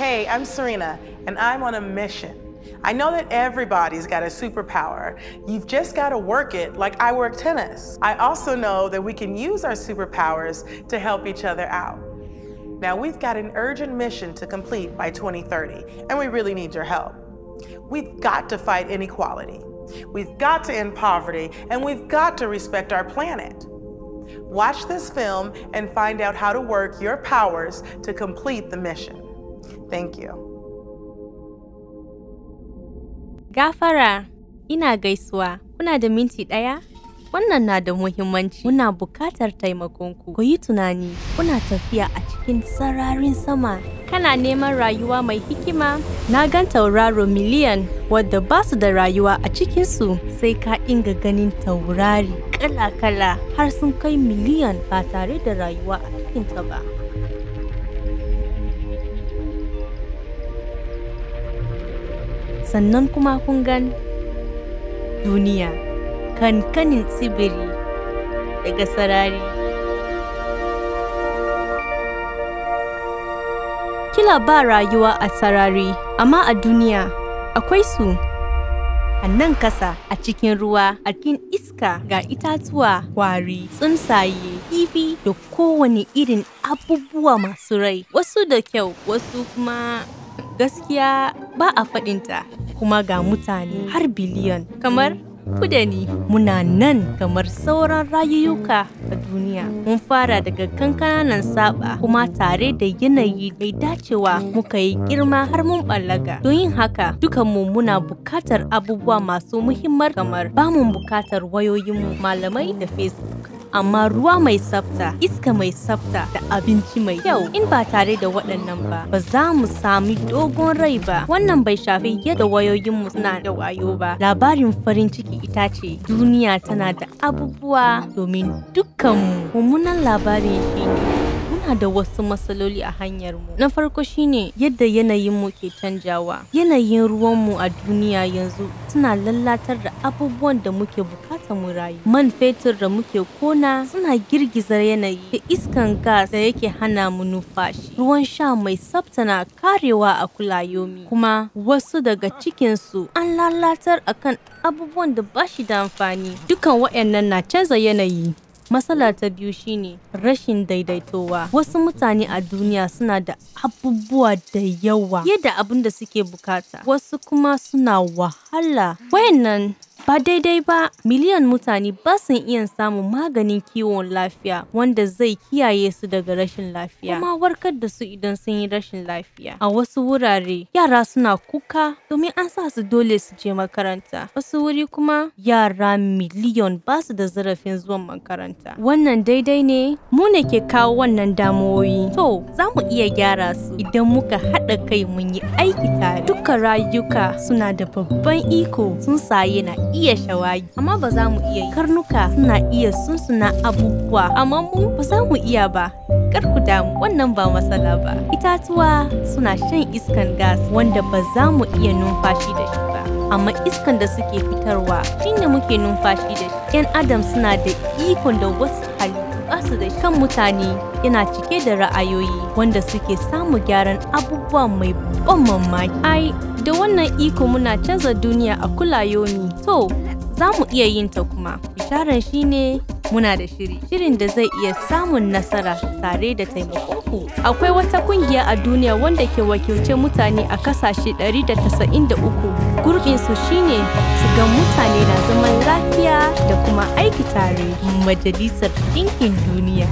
Hey, I'm Serena, and I'm on a mission. I know that everybody's got a superpower. You've just got to work it like I work tennis. I also know that we can use our superpowers to help each other out. Now, we've got an urgent mission to complete by 2030, and we really need your help. We've got to fight inequality. We've got to end poverty, and we've got to respect our planet. Watch this film and find out how to work your powers to complete the mission. Thank you. Gafara, ina gaisuwa, kuna da minti ɗaya? Wannan na da muhimmanci, muna buƙatar taimakonku. Ku yi tunani, kuna tafiya a cikin sararin sama. Kana neman rayuwa mai hikima? Na gan tauraro miliyan wadda ba su da rayuwa a cikinsu sai ka inga ganin taurari kala-kala har sun kai miliyan ba tare da rayuwa a cikinta ba. sannan kuma kun gan duniya kan kanin tsibiri daga sarari kila ba rayuwa a sarari amma a duniya akwai su a nan kasa a cikin ruwa a cikin iska ga itatuwa kwari tsuntsaye kifi da kowane irin abubuwa masu rai wasu da kyau wasu kuma gaskiya ba a faɗinta kuma ga mutane har biliyan kamar kudani. muna nan kamar sauran rayuka a duniya mun fara daga kankananan saba kuma tare da yanayi mai dacewa muka yi girma har mun ballaga don yin haka dukanmu muna bukatar abubuwa masu muhimmar kamar bamun bukatar wayoyinmu malamai da facebook amma ruwa mai tsafta, iska mai tsafta da abinci mai kyau. In ba tare da waɗannan ba, ba za mu sami dogon rai ba. Wannan bai shafi yadda mu suna da wayo ba. Labarin farin ciki ita ce duniya tana da abubuwa domin dukkanmu. Mummunan labarin shi ne. muna da wasu matsaloli a hanyar mu. Na farko shine yadda yanayin mu ke canjawa. Yanayin ruwan mu a duniya yanzu suna lalatar da abubuwan da muke bukata. murayu man fetur da muke kona suna girgiza yanayi da iskan gas da yake hana mu numfashi ruwan sha mai tsafta na karewa a kulayomi kuma wasu daga cikin su an lalatar akan abubuwan da ba shi da amfani dukan wayannan na canza yanayi Matsala ta biyu shine rashin daidaitowa. Wasu mutane a duniya suna da abubuwa da yawa yadda abin da suke bukata. Wasu kuma suna wahala. Wayannan Ba daidai ba, miliyan mutane ba su iya samun maganin kiwon lafiya wanda zai kiyaye su daga rashin lafiya, kuma warkar da su idan sun yi rashin lafiya. A wasu wurare, yara suna kuka domin an sa su dole su je makaranta. Wasu wuri kuma yara miliyan ba su da zarafin zuwan makaranta. Wannan daidai ne, mu ne ke kawo wannan damuwoyi. To, za mu iya gyara su idan muka haɗa kai mun yi aiki tare. Duka rayuka suna da babban iko sun saye na iya shawagi amma ba za mu iya karnuka suna iya sunsuna abubuwa amma mu ba za mu iya ba kar ku damu wannan ba matsala ba itatuwa suna shan iskan gas wanda ba za mu iya numfashi da shi ba amma iskan da suke fitarwa shine muke numfashi da shi yan adam suna da ikon da wasu halittu ba su da kan mutane yana cike da ra'ayoyi wanda suke samu gyaran abubuwa mai ban mamaki ai Da wannan iko muna canza duniya a kulayomi. To, za mu iya yin ta kuma. Bisharan shi ne muna da shiri. Shirin da zai iya samun nasara tare da taimakonku. Akwai wata kungiya a duniya wanda ke wakilce mutane a kasashe 193. Gurbinsu shine su ga mutane na zaman lafiya da kuma aiki tare majalisar ɗinkin duniya.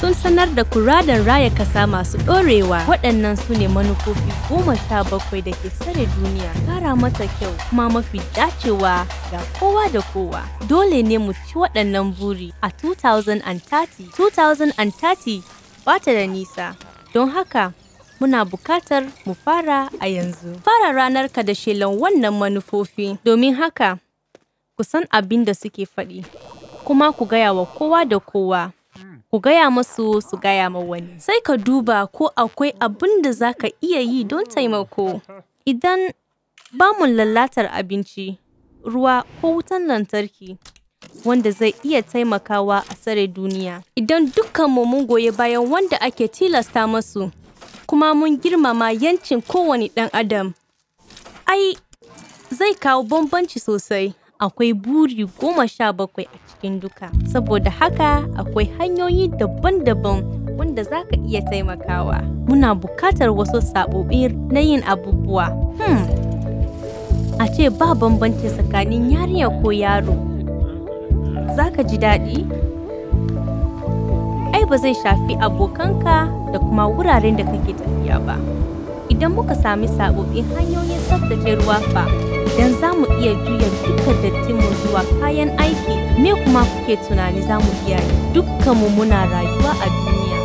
sun sanar da kuradan raya kasa masu ɗorewa waɗannan su ne manufofi goma sha bakwai da ke sare duniya kara mata kyau kuma mafi dacewa ga kowa da kowa dole ne mu ci waɗannan buri a 2030 2030 ba ta da nisa don haka muna bukatar mu fara a yanzu. Fara ranar ka da shelan wannan manufofi domin haka ku san abin da suke faɗi, kuma ku gaya wa kowa da kowa. ku gaya masu su gaya ma wani. Sai ka duba ko akwai abin da za ka iya yi don taimako. Idan mu lalatar abinci, ruwa ko wutan lantarki wanda zai iya taimakawa a tsare duniya. Idan dukkan mu mun goye bayan wanda ake tilasta masu, kuma mun girmama yancin kowane ɗan adam. Ai, zai kawo bambanci sosai akwai buri goma sha bakwai a cikin duka saboda haka akwai hanyoyi daban-daban wanda za ka iya taimakawa muna bukatar wasu saɓoɓi na yin abubuwa hmm. a ce ba bambanci tsakanin yariya ko yaro za ka ji daɗi ai ba zai shafi abokanka da kuma wuraren da kake tafiya ba idan muka sami saɓoɓin hanyoyin tsaftace ruwa fa don za mu iya juya duka mu zuwa kayan aiki me kuma kuke tunani za mu iya dukkanmu muna rayuwa a duniya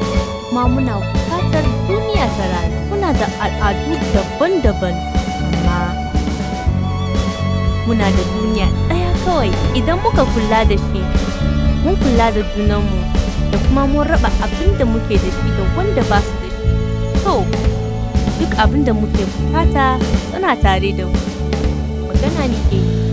kuma muna bukatar duniya ta rayu muna da al'adu daban-daban amma muna da duniya ɗaya kawai idan muka kula da shi mun kula da junanmu da kuma mun raba abin da muke da shi da wanda ba su da shi to duk abin da muke bukata suna tare da mu がいって